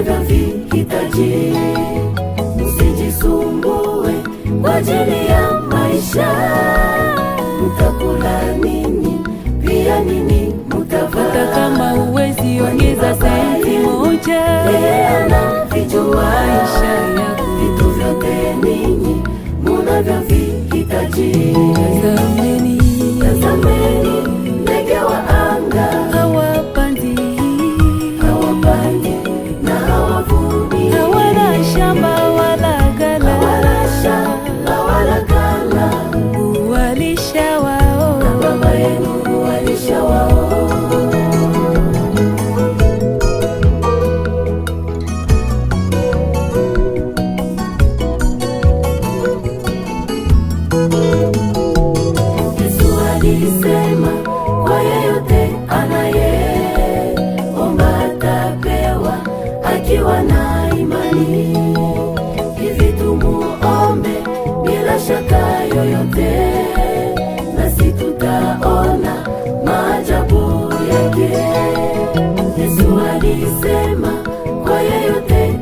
wanavyovihitaji. Msijisumbue kwa ajili ya maisha, mtakula nini pia nini mtavaa. kama uwezi ongeza senti moja, maisha ya vitu vyote ninyi munavyovihitaji alisema kwa yeyote anayeomba atapewa, akiwa na imani. Hivi tumuombe bila shaka yoyote, nasi tutaona maajabu yake. Yesu alisema kwa yeyote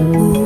Thank you.